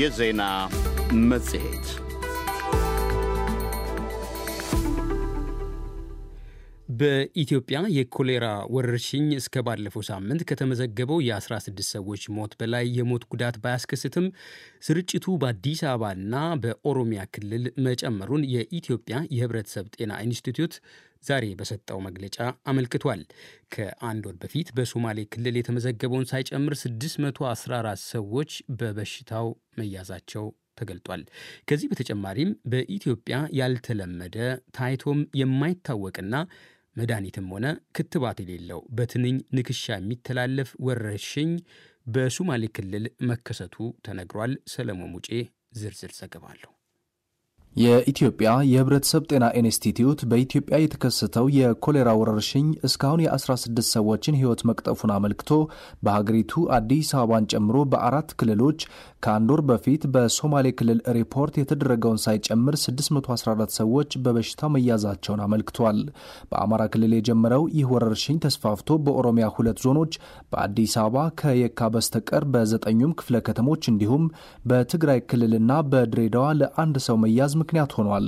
የዜና መጽሔት በኢትዮጵያ የኮሌራ ወረርሽኝ እስከ ባለፈው ሳምንት ከተመዘገበው የ16 ሰዎች ሞት በላይ የሞት ጉዳት ባያስከስትም ስርጭቱ በአዲስ አበባና በኦሮሚያ ክልል መጨመሩን የኢትዮጵያ የሕብረተሰብ ጤና ኢንስቲትዩት ዛሬ በሰጠው መግለጫ አመልክቷል። ከአንድ ወር በፊት በሶማሌ ክልል የተመዘገበውን ሳይጨምር 614 ሰዎች በበሽታው መያዛቸው ተገልጧል። ከዚህ በተጨማሪም በኢትዮጵያ ያልተለመደ ታይቶም የማይታወቅና መድኃኒትም ሆነ ክትባት የሌለው በትንኝ ንክሻ የሚተላለፍ ወረርሽኝ በሱማሌ ክልል መከሰቱ ተነግሯል። ሰለሞን ሙጬ ዝርዝር ዘገባ አለው። የኢትዮጵያ የሕብረተሰብ ጤና ኢንስቲትዩት በኢትዮጵያ የተከሰተው የኮሌራ ወረርሽኝ እስካሁን የ16 ሰዎችን ሕይወት መቅጠፉን አመልክቶ በሀገሪቱ አዲስ አበባን ጨምሮ በአራት ክልሎች ከአንድ ወር በፊት በሶማሌ ክልል ሪፖርት የተደረገውን ሳይጨምር 614 ሰዎች በበሽታው መያዛቸውን አመልክቷል። በአማራ ክልል የጀመረው ይህ ወረርሽኝ ተስፋፍቶ በኦሮሚያ ሁለት ዞኖች፣ በአዲስ አበባ ከየካ በስተቀር በዘጠኙም ክፍለ ከተሞች እንዲሁም በትግራይ ክልልና በድሬዳዋ ለአንድ ሰው መያዝ ምክንያት ሆኗል።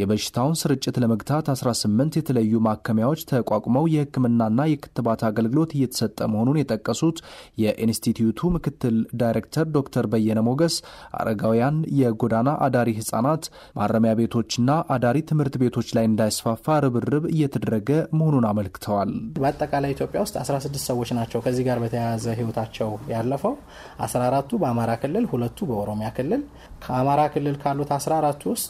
የበሽታውን ስርጭት ለመግታት 18 የተለያዩ ማከሚያዎች ተቋቁመው የሕክምናና የክትባት አገልግሎት እየተሰጠ መሆኑን የጠቀሱት የኢንስቲትዩቱ ምክትል ዳይሬክተር ዶክተር በየነ ሞገስ አረጋውያን፣ የጎዳና አዳሪ ህጻናት ማረሚያ ቤቶችና አዳሪ ትምህርት ቤቶች ላይ እንዳይስፋፋ ርብርብ እየተደረገ መሆኑን አመልክተዋል። በአጠቃላይ ኢትዮጵያ ውስጥ 16 ሰዎች ናቸው ከዚህ ጋር በተያያዘ ህይወታቸው ያለፈው 14ቱ በአማራ ክልል፣ ሁለቱ በኦሮሚያ ክልል። ከአማራ ክልል ካሉት 14ቱ ውስጥ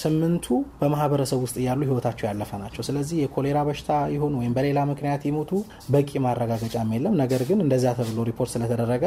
ስምንቱ በማህበረሰብ ውስጥ እያሉ ህይወታቸው ያለፈ ናቸው። ስለዚህ የኮሌራ በሽታ ይሁን ወይም በሌላ ምክንያት ይሞቱ በቂ ማረጋገጫም የለም። ነገር ግን እንደዚያ ተብሎ ሪፖርት ስለተደረገ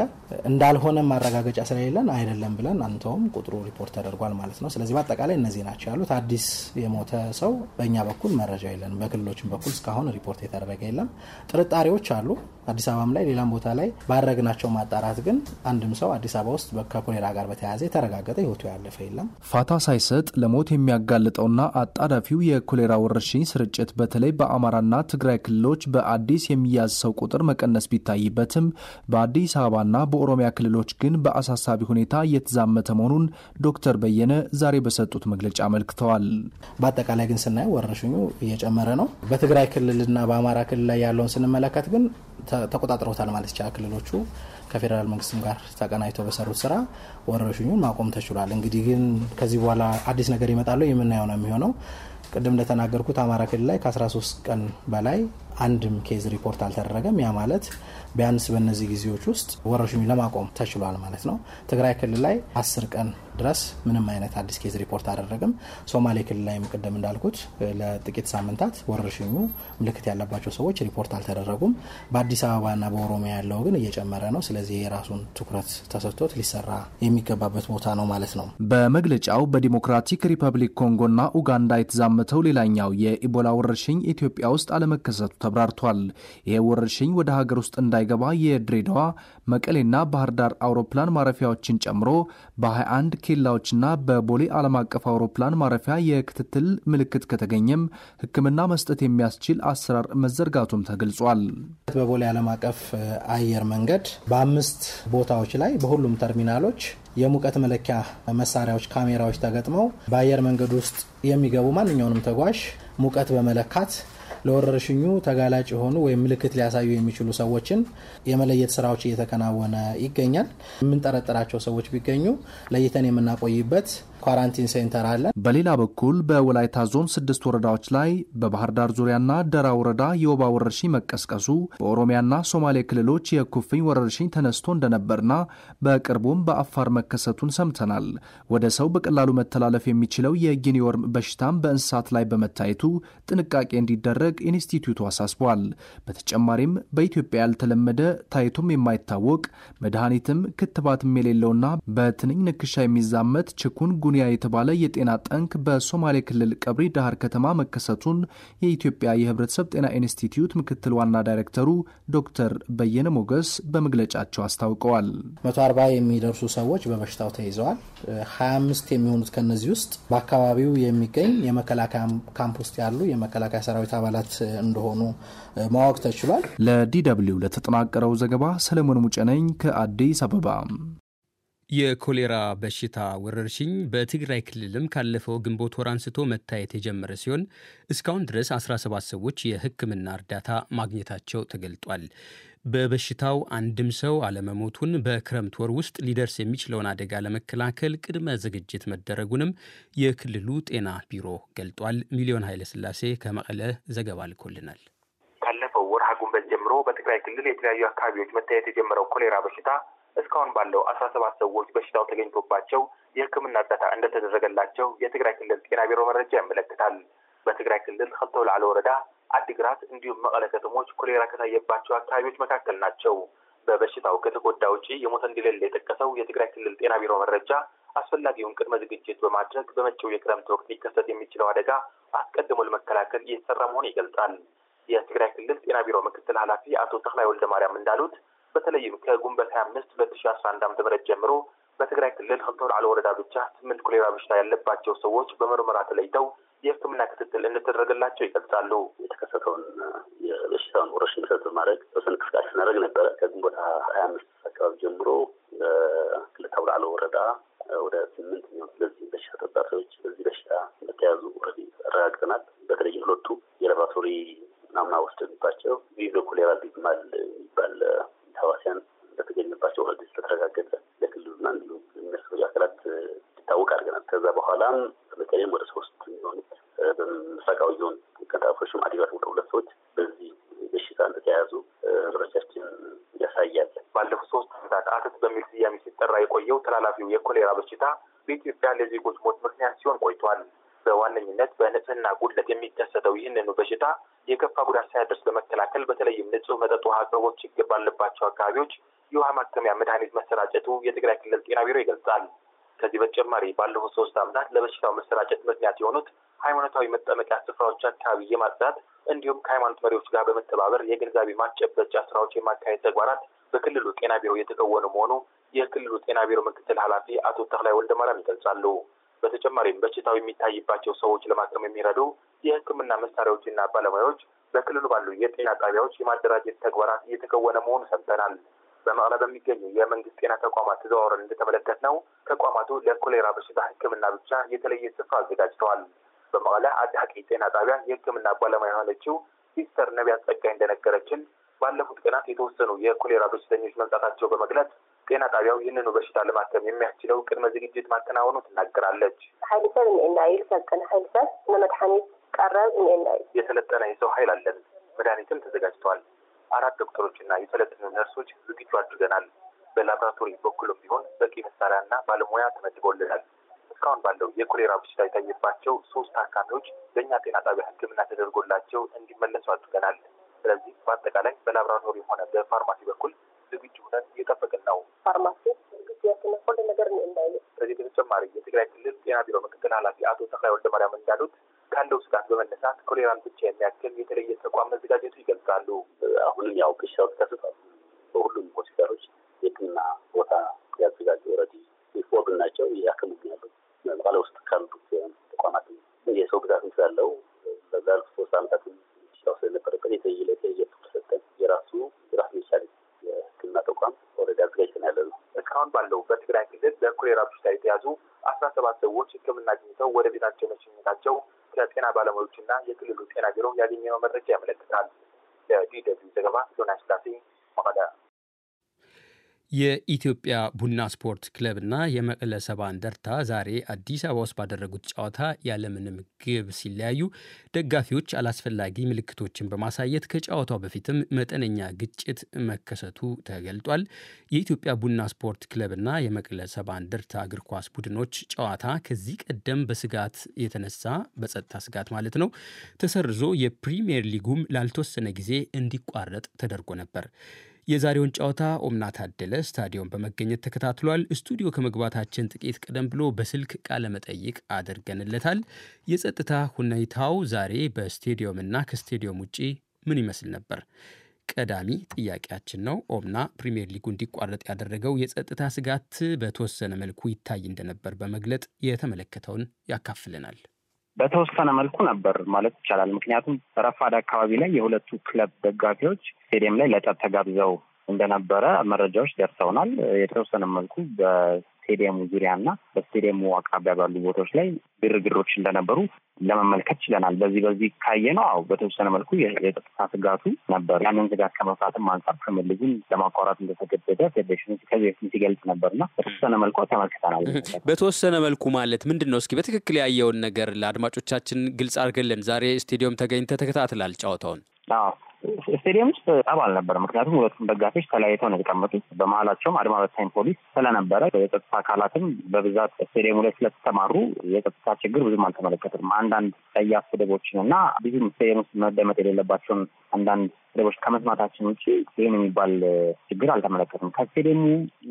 እንዳልሆነ ማረጋገጫ ስለሌለን አይደለም ብለን አንተውም ቁጥሩ ሪፖርት ተደርጓል ማለት ነው። ስለዚህ በአጠቃላይ እነዚህ ናቸው ያሉት። አዲስ የሞተ ሰው በእኛ በኩል መረጃ የለን፣ በክልሎችም በኩል እስካሁን ሪፖርት የተደረገ የለም። ጥርጣሬዎች አሉ። አዲስ አበባም ላይ ሌላም ቦታ ላይ ባረግናቸው ማጣራት ግን አንድም ሰው አዲስ አበባ ውስጥ ከኮሌራ ጋር በተያያዘ የተረጋገጠ ህይወቱ ያለፈ የለም። ፋታ ሳይሰጥ ለሞት ሞት የሚያጋልጠውና አጣዳፊው የኮሌራ ወረርሽኝ ስርጭት በተለይ በአማራና ትግራይ ክልሎች በአዲስ የሚያዝ ሰው ቁጥር መቀነስ ቢታይበትም በአዲስ አበባና በኦሮሚያ ክልሎች ግን በአሳሳቢ ሁኔታ እየተዛመተ መሆኑን ዶክተር በየነ ዛሬ በሰጡት መግለጫ አመልክተዋል። በአጠቃላይ ግን ስናየው ወረርሽኙ እየጨመረ ነው። በትግራይ ክልልና በአማራ ክልል ላይ ያለውን ስንመለከት ግን ተቆጣጥረውታል ማለት ይቻላል ክልሎቹ ከፌዴራል መንግስትም ጋር ተቀናጅተው በሰሩት ስራ ወረርሽኙን ማቆም ተችሏል። እንግዲህ ግን ከዚህ በኋላ አዲስ ነገር ይመጣለው የምናየው ነው የሚሆነው። ቅድም እንደተናገርኩት አማራ ክልል ላይ ከ13 ቀን በላይ አንድም ኬዝ ሪፖርት አልተደረገም። ያ ማለት ቢያንስ በእነዚህ ጊዜዎች ውስጥ ወረርሽኙ ለማቆም ተችሏል ማለት ነው። ትግራይ ክልል ላይ አስር ቀን ድረስ ምንም አይነት አዲስ ኬዝ ሪፖርት አደረግም። ሶማሌ ክልል ላይም ቅድም እንዳልኩት ለጥቂት ሳምንታት ወረርሽኙ ምልክት ያለባቸው ሰዎች ሪፖርት አልተደረጉም። በአዲስ አበባና በኦሮሚያ ያለው ግን እየጨመረ ነው። ስለዚህ የራሱን ትኩረት ተሰጥቶት ሊሰራ የሚገባበት ቦታ ነው ማለት ነው። በመግለጫው በዲሞክራቲክ ሪፐብሊክ ኮንጎና ኡጋንዳ የተዛመተው ሌላኛው የኢቦላ ወረርሽኝ ኢትዮጵያ ውስጥ አለመከሰቱ ተብራርቷል። ይሄ ወረርሽኝ ወደ ሀገር ውስጥ እንዳይገባ የድሬዳዋ መቀሌና ባህር ዳር አውሮፕላን ማረፊያዎችን ጨምሮ በ21 ኬላዎችና በቦሌ ዓለም አቀፍ አውሮፕላን ማረፊያ የክትትል ምልክት ከተገኘም ሕክምና መስጠት የሚያስችል አሰራር መዘርጋቱም ተገልጿል። በቦሌ ዓለም አቀፍ አየር መንገድ በአምስት ቦታዎች ላይ በሁሉም ተርሚናሎች የሙቀት መለኪያ መሳሪያዎች፣ ካሜራዎች ተገጥመው በአየር መንገድ ውስጥ የሚገቡ ማንኛውንም ተጓዥ ሙቀት በመለካት ለወረርሽኙ ተጋላጭ የሆኑ ወይም ምልክት ሊያሳዩ የሚችሉ ሰዎችን የመለየት ስራዎች እየተከናወነ ይገኛል። የምንጠረጥራቸው ሰዎች ቢገኙ ለይተን የምናቆይበት ኳራንቲን ሴንተር አለ። በሌላ በኩል በወላይታ ዞን ስድስት ወረዳዎች ላይ በባህር ዳር ዙሪያና ደራ ወረዳ የወባ ወረርሽኝ መቀስቀሱ በኦሮሚያና ሶማሌ ክልሎች የኩፍኝ ወረርሽኝ ተነስቶ እንደነበርና በቅርቡም በአፋር መከሰቱን ሰምተናል። ወደ ሰው በቀላሉ መተላለፍ የሚችለው የጊኒ ወርም በሽታም በእንስሳት ላይ በመታየቱ ጥንቃቄ እንዲደረግ ኢንስቲትዩቱ አሳስቧል። በተጨማሪም በኢትዮጵያ ያልተለመደ ታይቶም የማይታወቅ መድኃኒትም ክትባትም የሌለውና በትንኝ ንክሻ የሚዛመት ችኩን ጉኒያ የተባለ የጤና ጠንክ በሶማሌ ክልል ቀብሪ ዳህር ከተማ መከሰቱን የኢትዮጵያ የህብረተሰብ ጤና ኢንስቲትዩት ምክትል ዋና ዳይሬክተሩ ዶክተር በየነ ሞገስ በመግለጫቸው አስታውቀዋል። 140 የሚደርሱ ሰዎች በበሽታው ተይዘዋል። 25 የሚሆኑት ከነዚህ ውስጥ በአካባቢው የሚገኝ የመከላከያ ካምፕ ውስጥ ያሉ የመከላከያ ሰራዊት አባላት እንደሆኑ ማወቅ ተችሏል። ለዲ ደብልዩ ለተጠናቀረው ዘገባ ሰለሞን ሙጨነኝ ከአዲስ አበባ የኮሌራ በሽታ ወረርሽኝ በትግራይ ክልልም ካለፈው ግንቦት ወር አንስቶ መታየት የጀመረ ሲሆን እስካሁን ድረስ 17 ሰዎች የሕክምና እርዳታ ማግኘታቸው ተገልጧል። በበሽታው አንድም ሰው አለመሞቱን በክረምት ወር ውስጥ ሊደርስ የሚችለውን አደጋ ለመከላከል ቅድመ ዝግጅት መደረጉንም የክልሉ ጤና ቢሮ ገልጧል። ሚሊዮን ኃይለስላሴ ከመቀለ ዘገባ ልኮልናል። ካለፈው ወርሃ ግንቦት ጀምሮ በትግራይ ክልል የተለያዩ አካባቢዎች መታየት የጀመረው ኮሌራ በሽታ እስካሁን ባለው አስራ ሰባት ሰዎች በሽታው ተገኝቶባቸው የሕክምና እርዳታ እንደተደረገላቸው የትግራይ ክልል ጤና ቢሮ መረጃ ያመለክታል። በትግራይ ክልል ክልተ አውላዕሎ ወረዳ፣ አዲግራት እንዲሁም መቀለ ከተሞች ኮሌራ ከታየባቸው አካባቢዎች መካከል ናቸው። በበሽታው ከተጎዳ ውጪ የሞተ እንደሌለ የጠቀሰው የትግራይ ክልል ጤና ቢሮ መረጃ አስፈላጊውን ቅድመ ዝግጅት በማድረግ በመጪው የክረምት ወቅት ሊከሰት የሚችለው አደጋ አስቀድሞ ለመከላከል እየተሰራ መሆኑን ይገልጻል። የትግራይ ክልል ጤና ቢሮ ምክትል ኃላፊ አቶ ተክላይ ወልደ ማርያም እንዳሉት በተለይም ከግንቦት ሀያ አምስት ሁለት ሺ አስራ አንድ ዓመተ ምህረት ጀምሮ በትግራይ ክልል ከብቶ ወልዓሎ ወረዳ ብቻ ስምንት ኮሌራ በሽታ ያለባቸው ሰዎች በምርመራ ተለይተው የሕክምና ክትትል እንደተደረገላቸው ይገልጻሉ። የተከሰተውን የበሽታውን ወረርሽኝ መሰረት በማድረግ ተወሰነ እንቅስቃሴ ስናደርግ ነበረ። ከግንቦት ሀያ አምስት አካባቢ ጀምሮ ክልተ ወልዓሎ ወረዳ ወደ ስምንት የሚሆኑ ስለዚህ በሽታ ተጠርጣሪዎች በዚህ በሽታ መተያዙ ረዲ አረጋግጠናል። በተለይ ሁለቱ የላቦራቶሪ ናሙና ወስደንባቸው ቪዞ ኮሌራ ዚግማል በኋላም በተለይም ወደ ሶስት የሚሆኑት በምስራቃዊ ዞን ከጣፎችም ወደ ሁለት ሰዎች በዚህ በሽታ እንደተያያዙ ህብረቻችን ያሳያል። ባለፉት ሶስት ዓመታት አተት በሚል ስያሜ ሲጠራ የቆየው ተላላፊው የኮሌራ በሽታ በኢትዮጵያ ለዜጎች ሞት ምክንያት ሲሆን ቆይቷል። በዋነኝነት በንጽህና ጉድለት የሚከሰተው ይህንኑ በሽታ የከፋ ጉዳት ሳያደርስ ለመከላከል በተለይም ንጹህ መጠጥ ውሃ አቅርቦት ችግር ባለባቸው አካባቢዎች የውሃ ማከሚያ መድኃኒት መሰራጨቱ የትግራይ ክልል ጤና ቢሮ ይገልጻል። ከዚህ በተጨማሪ ባለፉት ሶስት ዓመታት ለበሽታው መሰራጨት ምክንያት የሆኑት ሃይማኖታዊ መጠመቂያ ስፍራዎች አካባቢ የማጽዳት እንዲሁም ከሃይማኖት መሪዎች ጋር በመተባበር የግንዛቤ ማስጨበጫ ስራዎች የማካሄድ ተግባራት በክልሉ ጤና ቢሮ የተከወኑ መሆኑ የክልሉ ጤና ቢሮ ምክትል ኃላፊ አቶ ተክላይ ወልደማርያም ይገልጻሉ። በተጨማሪም በሽታው የሚታይባቸው ሰዎች ለማከም የሚረዱ የሕክምና መሳሪያዎችና ባለሙያዎች በክልሉ ባሉ የጤና ጣቢያዎች የማደራጀት ተግባራት እየተከወነ መሆኑ ሰምተናል። በመቀለ በሚገኙ የመንግስት ጤና ተቋማት ተዘዋውረን እንደተመለከት ነው ተቋማቱ ለኮሌራ በሽታ ህክምና ብቻ የተለየ ስፍራ አዘጋጅተዋል። በመቀለ አዳቂ ጤና ጣቢያ የህክምና ባለሙያ የሆነችው ሲስተር ነቢያት ጸጋይ እንደነገረችን ባለፉት ቀናት የተወሰኑ የኮሌራ በሽተኞች መምጣታቸው በመግለጽ ጤና ጣቢያው ይህንኑ በሽታ ለማከም የሚያስችለው ቅድመ ዝግጅት ማከናወኑ ትናገራለች። ሀይልሰብ ሰብ ይል ሰልጠነ ሀይል ቀረብ እኒኤና የሰለጠነ የሰው ሀይል አለን፣ መድኃኒትም ተዘጋጅተዋል። አራት እና የሰለጠኑ ነርሶች ዝግጁ አድርገናል። በላብራቶሪ በኩልም ቢሆን በቂ መሳሪያና ባለሙያ ተመድቦልናል። እስካሁን ባለው የኮሌራ በሽታ የታየባቸው ሶስት ታካሚዎች በእኛ ጤና ጣቢያ ሕክምና ተደርጎላቸው እንዲመለሱ አድርገናል። ስለዚህ በአጠቃላይ በላብራቶሪ ሆነ በፋርማሲ በኩል ዝግጁ ሆነን እየጠበቅን ነው። ፋርማሲ ነገር በተጨማሪ የትግራይ ክልል ጤና ቢሮ ምክትል ኃላፊ አቶ ተክላይ ወልደማርያም እንዳሉት ካለው ስጋት በመነሳት ኮሌራን ብቻ የሚያክል የተለየ ተቋም መዘጋጀት የተያዙ አስራ ሰባት ሰዎች ሕክምና አግኝተው ወደ ቤታቸው መሸኘታቸው ከጤና ባለሙያዎችና የክልሉ ጤና ቢሮ ያገኘነው መረጃ ያመለክታል። ለዲ ደብልዩ ዘገባ ዮናስ ዳሴ መቀለ። የኢትዮጵያ ቡና ስፖርት ክለብና የመቀለ ሰባ እንደርታ ዛሬ አዲስ አበባ ውስጥ ባደረጉት ጨዋታ ያለምንም ግብ ሲለያዩ ደጋፊዎች አላስፈላጊ ምልክቶችን በማሳየት ከጨዋታው በፊትም መጠነኛ ግጭት መከሰቱ ተገልጧል። የኢትዮጵያ ቡና ስፖርት ክለብና የመቀለ ሰባ እንደርታ እግር ኳስ ቡድኖች ጨዋታ ከዚህ ቀደም በስጋት የተነሳ በጸጥታ ስጋት ማለት ነው ተሰርዞ የፕሪሚየር ሊጉም ላልተወሰነ ጊዜ እንዲቋረጥ ተደርጎ ነበር። የዛሬውን ጨዋታ ኦምና ታደለ ስታዲዮን በመገኘት ተከታትሏል። ስቱዲዮ ከመግባታችን ጥቂት ቀደም ብሎ በስልክ ቃለ መጠይቅ አድርገንለታል። የጸጥታ ሁኔታው ዛሬ በስቴዲየምና ከስቴዲየም ውጪ ምን ይመስል ነበር? ቀዳሚ ጥያቄያችን ነው። ኦምና ፕሪምየር ሊጉ እንዲቋረጥ ያደረገው የጸጥታ ስጋት በተወሰነ መልኩ ይታይ እንደነበር በመግለጥ የተመለከተውን ያካፍለናል። በተወሰነ መልኩ ነበር ማለት ይቻላል። ምክንያቱም ረፋድ አካባቢ ላይ የሁለቱ ክለብ ደጋፊዎች ስቴዲየም ላይ ለጠብ ተጋብዘው እንደነበረ መረጃዎች ደርሰውናል። የተወሰነ መልኩ በስቴዲየሙ ዙሪያ እና በስቴዲየሙ አቅራቢያ ባሉ ቦታዎች ላይ ግርግሮች እንደነበሩ ለመመልከት ችለናል። በዚህ በዚህ ካየ ነው አው በተወሰነ መልኩ የጸጥታ ስጋቱ ነበር። ያንን ስጋት ከመፍራትም አንጻር ፕሪሚየር ለማቋራት ለማቋረጥ እንደተገደደ ፌዴሬሽኑ ከዚህ በፊት ሲገልጽ ነበርና በተወሰነ መልኩ ተመልክተናል። በተወሰነ መልኩ ማለት ምንድን ነው? እስኪ በትክክል ያየውን ነገር ለአድማጮቻችን ግልጽ አድርገን ዛሬ ስቴዲየም ተገኝተ ተከታትላል ጨዋታውን ስቴዲየም ውስጥ ጠብ አልነበረ። ምክንያቱም ሁለቱም ደጋፊዎች ተለያይተው ነው የተቀመጡት። በመሀላቸውም አድማ በታኝ ፖሊስ ስለነበረ የጸጥታ አካላትም በብዛት ስቴዲየሙ ላይ ስለተሰማሩ የጸጥታ ችግር ብዙም አልተመለከትም። አንዳንድ ጸያፍ ስድቦችን እና ብዙም ስቴዲየም ውስጥ መደመጥ የሌለባቸውን አንዳንድ ክለቦች ከመስማታችን ውጭ ይህን የሚባል ችግር አልተመለከትም። ከስቴዲየሙ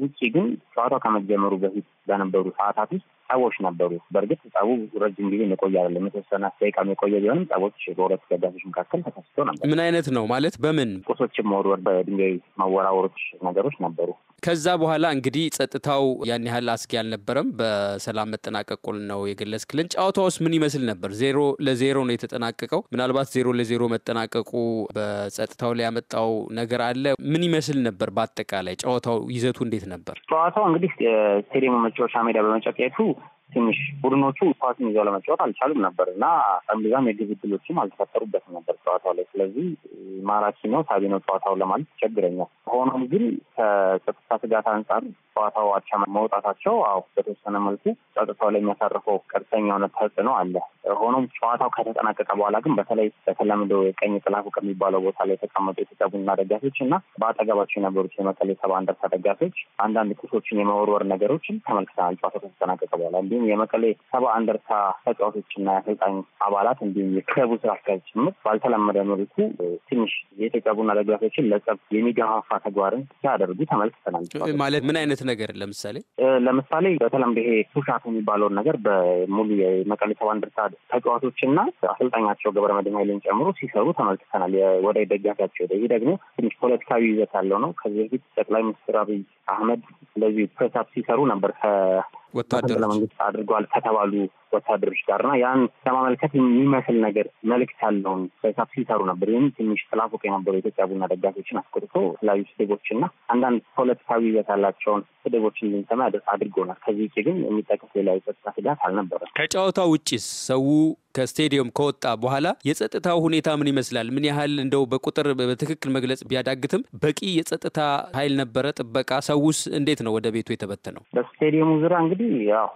ውጭ ግን ጨዋታው ከመጀመሩ በፊት በነበሩ ሰዓታት ውስጥ ጸቦች ነበሩ። በእርግጥ ጸቡ ረጅም ጊዜ የቆየ አይደለም፣ የተወሰነ ደቂቃ የቆየ ቢሆንም ጸቦች በሁለት ደጋፊዎች መካከል ተከስቶ ነበር። ምን አይነት ነው ማለት በምን ቁሶችም መወርወር፣ በድንጋይ መወራወሮች ነገሮች ነበሩ። ከዛ በኋላ እንግዲህ ጸጥታው ያን ያህል አስጊ አልነበረም። በሰላም መጠናቀቁን ነው የገለጽክልን። ጨዋታውስ ምን ይመስል ነበር? ዜሮ ለዜሮ ነው የተጠናቀቀው። ምናልባት ዜሮ ለዜሮ መጠናቀቁ በጸጥታው ላይ ያመጣው ነገር አለ። ምን ይመስል ነበር? በአጠቃላይ ጨዋታው ይዘቱ እንዴት ነበር? ጨዋታው እንግዲህ ስቴዲየሙ መጫወቻ ሜዳ በመጨቀየቱ ትንሽ ቡድኖቹ ኳስን ይዘው ለመጫወት አልቻሉም ነበር እና እምብዛም የግብ ዕድሎችም አልተፈጠሩበትም ነበር ጨዋታው ላይ። ስለዚህ ማራኪ ነው ሳቢ ነው ጨዋታው ለማለት ይቸግረኛል። ሆኖም ግን ከጸጥታ ስጋት አንጻር ጨዋታው አቻ መውጣታቸው አሁ በተወሰነ መልኩ ጸጥታው ላይ የሚያሳርፈው ቀጥተኛ የሆነ ተጽዕኖ አለ። ሆኖም ጨዋታው ከተጠናቀቀ በኋላ ግን በተለይ በተለምዶ የቀኝ ጥላፉ ከሚባለው ቦታ ላይ የተቀመጡ የኢትዮጵያ ቡና ደጋፊዎች እና በአጠገባቸው የነበሩት የመቀሌ ሰባ እንደርታ ደጋፊዎች አንዳንድ ቁሶችን የመወርወር ነገሮችን ተመልክተናል ጨዋታው ከተጠናቀቀ በኋላ እንዲሁም የመቀሌ ሰባ አንደርታ ተጫዋቾችና የአሰልጣኝ አባላት እንዲሁም የክለቡ ስራ አስኪያጅ ጭምር ባልተለመደ መልኩ ትንሽ የኢትዮጵያ ቡና ደጋፊዎችን ለጸብ የሚገፋፋ ተግባርን ሲያደርጉ ተመልክተናል። ማለት ምን አይነት ነገር ለምሳሌ ለምሳሌ በተለምዶ ይሄ ሱሻት የሚባለውን ነገር በሙሉ የመቀሌ ሰባ አንደርታ ተጫዋቾችና አሰልጣኛቸው ገብረ መድህን ኃይልን ጨምሮ ሲሰሩ ተመልክተናል። ወደ ደጋፊያቸው ይሄ ደግሞ ትንሽ ፖለቲካዊ ይዘት ያለው ነው። ከዚህ በፊት ጠቅላይ ሚኒስትር አብይ አህመድ እንደዚህ ፕሬስ አፕ ሲሰሩ ነበር ወታደሮች አድርጓል ከተባሉ ወታደሮች ጋርና ያን ለማመልከት የሚመስል ነገር መልእክት ያለውን በሂሳብ ሲሰሩ ነበር። ይህም ትንሽ ጥላፎቅ የነበሩ የኢትዮጵያ ቡና ደጋፊዎችን አስቆጥቶ የተለያዩ ስድቦችና አንዳንድ ፖለቲካዊ ይዘት ያላቸውን ስድቦችን እንድንሰማ አድርጎናል። ከዚህ ውጭ ግን የሚጠቀስ ሌላ የጸጥታ ስጋት አልነበረም። ከጨዋታው ውጭስ ሰው ከስቴዲየም ከወጣ በኋላ የጸጥታው ሁኔታ ምን ይመስላል? ምን ያህል እንደው በቁጥር በትክክል መግለጽ ቢያዳግትም በቂ የጸጥታ ኃይል ነበረ? ጥበቃ ሰውስ እንዴት ነው ወደ ቤቱ የተበተነው? በስቴዲየሙ ዙሪያ እንግዲህ ያው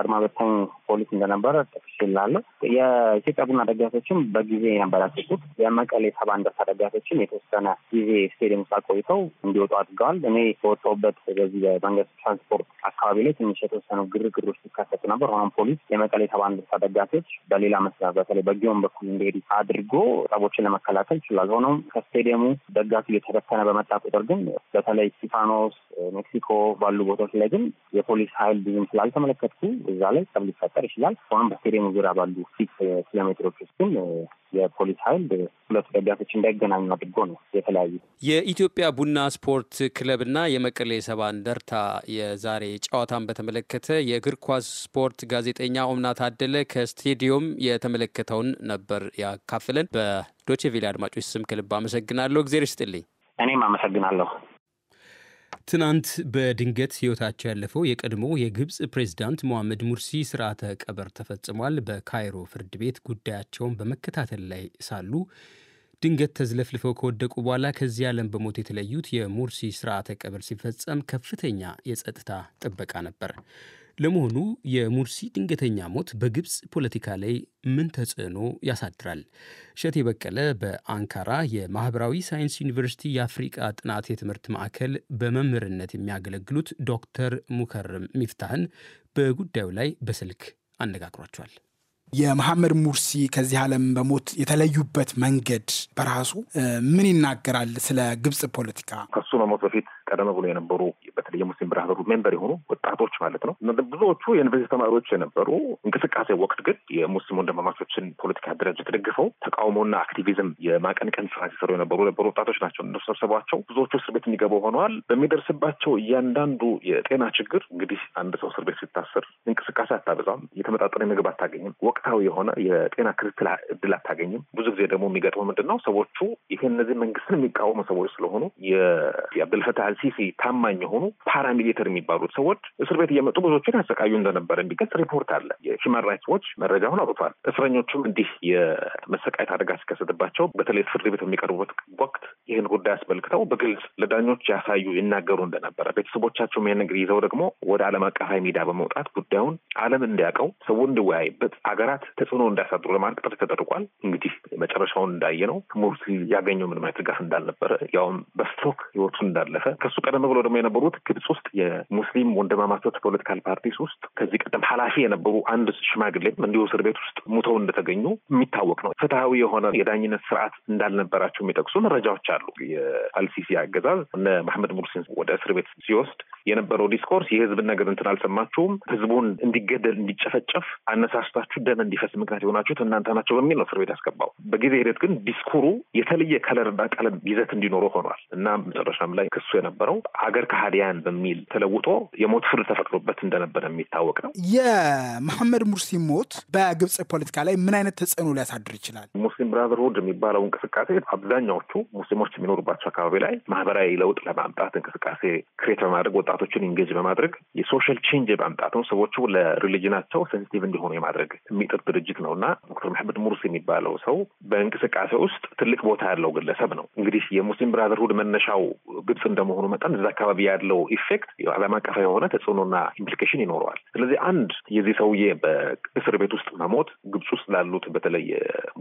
አድማ በታኝ ፖሊስ እንደነበረ ጠቅሼልሃለሁ። የኢትዮጵያ ቡና ደጋፊዎችም በጊዜ ነበር ያስወጡት። የመቀሌ ሰባ እንደርታ ደጋፊዎችም የተወሰነ ጊዜ ስቴዲየም ውስጥ አቆይተው እንዲወጡ አድርገዋል። እኔ በወጣሁበት በዚህ በመንገድ ትራንስፖርት አካባቢ ላይ ትንሽ የተወሰኑ ግርግሮች ሲከሰቱ ነበር። ሆኖም ፖሊስ የመቀሌ ሰባ እንደርታ ደጋፊዎች በሌላ መስመር በተለይ በጊዮን በኩል እንዲሄዱ አድርጎ ጠቦችን ለመከላከል ይችላል። ሆኖም ከስቴዲየሙ ደጋፊ እየተበተነ በመጣ ቁጥር ግን በተለይ ሲፋኖስ፣ ሜክሲኮ ባሉ ቦታዎች ላይ ግን የፖሊስ ኃይል ብዙም ስላልተመለከትኩ እዛ ላይ ጸብ ሊፈጠር ይችላል ይመስላል። አሁን በስቴዲየሙ ዙሪያ ባሉ ፊት ኪሎሜትሮች ውስጥ ግን የፖሊስ ኃይል ሁለቱ ደጋፊዎች እንዳይገናኙ አድርጎ ነው የተለያዩ። የኢትዮጵያ ቡና ስፖርት ክለብና የመቀሌ ሰባ እንደርታ የዛሬ ጨዋታን በተመለከተ የእግር ኳስ ስፖርት ጋዜጠኛ ኦምና ታደለ ከስቴዲየም የተመለከተውን ነበር ያካፍለን። በዶቼ አድማጮች ስም ክልብ አመሰግናለሁ። እግዜር ይስጥልኝ። እኔም አመሰግናለሁ። ትናንት በድንገት ሕይወታቸው ያለፈው የቀድሞ የግብፅ ፕሬዝዳንት ሞሐመድ ሙርሲ ስርዓተ ቀብር ተፈጽሟል። በካይሮ ፍርድ ቤት ጉዳያቸውን በመከታተል ላይ ሳሉ ድንገት ተዝለፍልፈው ከወደቁ በኋላ ከዚህ ዓለም በሞት የተለዩት የሙርሲ ስርዓተ ቀብር ሲፈጸም ከፍተኛ የጸጥታ ጥበቃ ነበር። ለመሆኑ የሙርሲ ድንገተኛ ሞት በግብፅ ፖለቲካ ላይ ምን ተጽዕኖ ያሳድራል? እሸቴ በቀለ በአንካራ የማህበራዊ ሳይንስ ዩኒቨርሲቲ የአፍሪቃ ጥናት የትምህርት ማዕከል በመምህርነት የሚያገለግሉት ዶክተር ሙከርም ሚፍታህን በጉዳዩ ላይ በስልክ አነጋግሯቸዋል። የመሐመድ ሙርሲ ከዚህ ዓለም በሞት የተለዩበት መንገድ በራሱ ምን ይናገራል ስለ ግብፅ ፖለቲካ? ከሱ መሞት በፊት ቀደም ብሎ የነበሩ በተለይ የሙስሊም ብራዘሩ ሜምበር የሆኑ ወጣቶች ማለት ነው ብዙዎቹ የዩኒቨርሲቲ ተማሪዎች የነበሩ እንቅስቃሴ ወቅት ግን የሙስሊም ወንድማማቾችን ፖለቲካ ድርጅት ደግፈው ተቃውሞና አክቲቪዝም የማቀንቀን ስራ ሲሰሩ የነበሩ የነበሩ ወጣቶች ናቸው። እነሱ ብዙዎቹ እስር ቤት እንዲገቡ ሆነዋል። በሚደርስባቸው እያንዳንዱ የጤና ችግር እንግዲህ አንድ ሰው እስር ቤት ሲታስር እንቅስቃሴ አታበዛም፣ የተመጣጠነ ምግብ አታገኝም፣ ወቅታዊ የሆነ የጤና ክትትል እድል አታገኝም። ብዙ ጊዜ ደግሞ የሚገጥመው ምንድን ነው ሰዎቹ ይሄ እነዚህ መንግስትን የሚቃወሙ ሰዎች ስለሆኑ የአብደልፈታ አልሲሲ ታማኝ የሆኑ ፓራሚሊተር የሚባሉት ሰዎች እስር ቤት እየመጡ ብዙዎችን ያሰቃዩ እንደነበረ የሚገልጽ ሪፖርት አለ። የሂውማን ራይትስ ዎች መረጃውን አውጥቷል። እስረኞቹም እንዲህ የመሰቃየት አደጋ ሲከሰትባቸው በተለይ ፍርድ ቤት በሚቀርቡበት ወቅት ይህን ጉዳይ አስመልክተው በግልጽ ለዳኞች ያሳዩ ይናገሩ እንደነበረ ቤተሰቦቻቸውም ይህን እንግዲህ ይዘው ደግሞ ወደ ዓለም አቀፋዊ ሚዲያ በመውጣት ጉዳዩን ዓለም እንዲያውቀው ሰው እንዲወያይበት አገራት ተጽዕኖ እንዳያሳድሩ ለማድረግ ጥረት ተደርጓል። እንግዲህ መጨረሻውን እንዳየ ነው። ሙርሲ ያገኘው ምንም አይነት ድጋፍ እንዳልነበረ ያውም በስቶክ ህይወቱን እንዳለፈ ከሱ ቀደም ብሎ ደግሞ የነበሩት ግብጽ ውስጥ የሙስሊም ወንድማማቾች ፖለቲካል ፓርቲስ ውስጥ ከዚህ ቀደም ኃላፊ የነበሩ አንድ ሽማግሌም እንዲሁ እስር ቤት ውስጥ ሙተው እንደተገኙ የሚታወቅ ነው። ፍትሐዊ የሆነ የዳኝነት ስርዓት እንዳልነበራቸው የሚጠቅሱ መረጃዎች አሉ። የአልሲሲ አገዛዝ እነ መሐመድ ሙርሲን ወደ እስር ቤት ሲወስድ የነበረው ዲስኮርስ የህዝብን ነገር እንትን አልሰማችሁም፣ ህዝቡን እንዲገደል እንዲጨፈጨፍ አነሳስታችሁ ደም እንዲፈስ ምክንያት የሆናችሁት እናንተ ናቸው በሚል ነው እስር ቤት ያስገባው። በጊዜ ሂደት ግን ዲስኩሩ የተለየ ከለርና ቀለም ይዘት እንዲኖረው ሆኗል እና መጨረሻም ላይ ክሱ የነበ የነበረው አገር ከሃዲያን በሚል ተለውጦ የሞት ፍርድ ተፈቅዶበት እንደነበረ የሚታወቅ ነው። የመሐመድ ሙርሲ ሞት በግብጽ ፖለቲካ ላይ ምን አይነት ተጽዕኖ ሊያሳድር ይችላል? ሙስሊም ብራዘርሁድ የሚባለው እንቅስቃሴ አብዛኛዎቹ ሙስሊሞች የሚኖሩባቸው አካባቢ ላይ ማህበራዊ ለውጥ ለማምጣት እንቅስቃሴ ክሬት በማድረግ ወጣቶችን ኢንጌጅ በማድረግ የሶሻል ቼንጅ የማምጣት ነው። ሰዎቹ ለሪሊጅናቸው ሴንሲቲቭ እንዲሆኑ የማድረግ የሚጥር ድርጅት ነው እና ዶክተር መሐመድ ሙርሲ የሚባለው ሰው በእንቅስቃሴ ውስጥ ትልቅ ቦታ ያለው ግለሰብ ነው። እንግዲህ የሙስሊም ብራዘርሁድ መነሻው ግብጽ እንደመሆኑ እንደመሆኑ መጠን እዛ አካባቢ ያለው ኢፌክት ዓለም አቀፍ የሆነ ተጽዕኖና ኢምፕሊኬሽን ይኖረዋል። ስለዚህ አንድ የዚህ ሰውዬ በእስር ቤት ውስጥ መሞት ግብፅ ውስጥ ላሉት በተለይ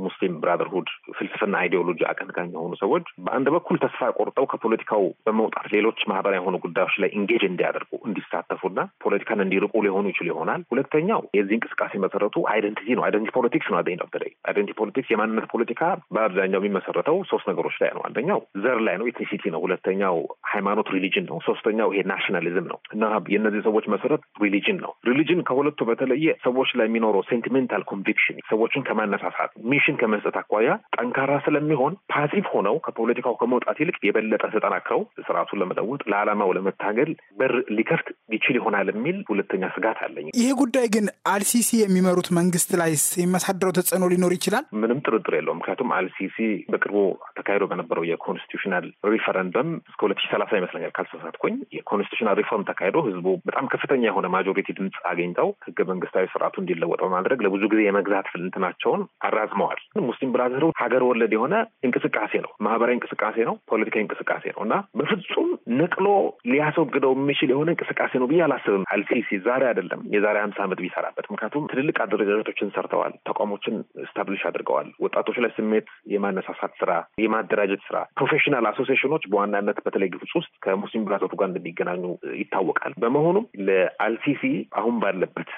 ሙስሊም ብራዘርሁድ ፍልስፍና አይዲዮሎጂ አቀንቃኝ የሆኑ ሰዎች በአንድ በኩል ተስፋ ቆርጠው ከፖለቲካው በመውጣት ሌሎች ማህበራዊ የሆኑ ጉዳዮች ላይ ኢንጌጅ እንዲያደርጉ እንዲሳተፉና ፖለቲካን እንዲርቁ ሊሆኑ ይችሉ ይሆናል። ሁለተኛው የዚህ እንቅስቃሴ መሰረቱ አይደንቲቲ ነው። አይደንቲቲ ፖለቲክስ ነው። አደኝ ደብተላይ አይደንቲቲ ፖለቲክስ የማንነት ፖለቲካ በአብዛኛው የሚመሰረተው ሶስት ነገሮች ላይ ነው። አንደኛው ዘር ላይ ነው፣ ኢትኒሲቲ ነው። ሁለተኛው ሃይማኖት ሃይማኖት ሪሊጅን ነው። ሶስተኛው ይሄ ናሽናሊዝም ነው እና የእነዚህ ሰዎች መሰረት ሪሊጅን ነው። ሪሊጅን ከሁለቱ በተለየ ሰዎች ላይ የሚኖረው ሴንቲሜንታል ኮንቪክሽን ሰዎችን ከማነሳሳት ሚሽን ከመስጠት አኳያ ጠንካራ ስለሚሆን ፓሲቭ ሆነው ከፖለቲካው ከመውጣት ይልቅ የበለጠ ተጠናክረው ስርዓቱን ለመለወጥ ለዓላማው ለመታገል በር ሊከፍት ይችል ይሆናል የሚል ሁለተኛ ስጋት አለኝ። ይሄ ጉዳይ ግን አልሲሲ የሚመሩት መንግስት ላይ የሚያሳድረው ተጽዕኖ ሊኖር ይችላል፣ ምንም ጥርጥር የለውም። ምክንያቱም አልሲሲ በቅርቡ ተካሂዶ በነበረው የኮንስቲቱሽናል ሪፈረንደም እስከ ሁለት ሺ ሰላሳ ይመስለኛል ካልተሳሳትኩኝ የኮንስቲቱሽናል ሪፎርም ተካሂዶ ህዝቡ በጣም ከፍተኛ የሆነ ማጆሪቲ ድምፅ አግኝተው ህገ መንግስታዊ ስርዓቱ እንዲለወጥ በማድረግ ለብዙ ጊዜ የመግዛት ፍልንትናቸውን አራዝመዋል። ሙስሊም ብራዘሩ ሀገር ወለድ የሆነ እንቅስቃሴ ነው፣ ማህበራዊ እንቅስቃሴ ነው፣ ፖለቲካዊ እንቅስቃሴ ነው እና በፍጹም ነቅሎ ሊያስወግደው የሚችል የሆነ እንቅስቃሴ ነው ብዬ አላስብም። አልሲሲ ዛሬ አይደለም የዛሬ ሀምሳ ዓመት ቢሰራበት ምክንያቱም ትልልቅ አደረጃጀቶችን ሰርተዋል፣ ተቋሞችን ስታብሊሽ አድርገዋል። ወጣቶች ላይ ስሜት የማነሳሳት ስራ፣ የማደራጀት ስራ ፕሮፌሽናል አሶሲሽኖች በዋናነት በተለይ ግብጽ ውስጥ ከሙስሊም ብራዘርሁድ ጋር እንደሚገናኙ ይታወቃል። በመሆኑም ለአልሲሲ አሁን ባለበት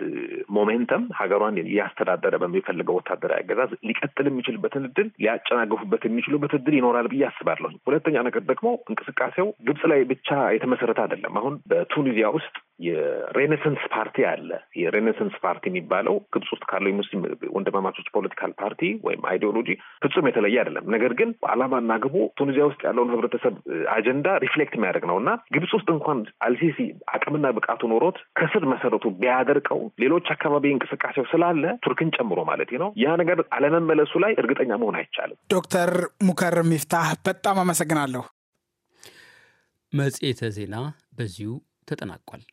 ሞሜንተም ሀገሯን እያስተዳደረ በሚፈልገው ወታደራዊ አገዛዝ ሊቀጥል የሚችልበትን እድል ሊያጨናገፉበት የሚችሉበት እድል ይኖራል ብዬ አስባለሁ። ሁለተኛ ነገር ደግሞ እንቅስቃሴው ግብጽ ላይ ብቻ የተመሰረተ አይደለም። አሁን በቱኒዚያ ውስጥ የሬኔሰንስ ፓርቲ አለ። የሬኔሰንስ ፓርቲ የሚባለው ግብጽ ውስጥ ካለው የሙስሊም ወንድማማቾች ፖለቲካል ፓርቲ ወይም አይዲዮሎጂ ፍጹም የተለየ አይደለም። ነገር ግን ዓላማና ግቡ ቱኒዚያ ውስጥ ያለውን ህብረተሰብ አጀንዳ ሪፍሌክት የሚያደርግ ነው እና ግብጽ ውስጥ እንኳን አልሲሲ አቅምና ብቃቱ ኖሮት ከስር መሰረቱ ቢያደርቀው ሌሎች አካባቢ እንቅስቃሴው ስላለ ቱርክን ጨምሮ ማለት ነው ያ ነገር አለመመለሱ ላይ እርግጠኛ መሆን አይቻልም። ዶክተር ሙከር ሚፍታህ በጣም አመሰግናለሁ። መጽሔተ ዜና በዚሁ ተጠናቋል።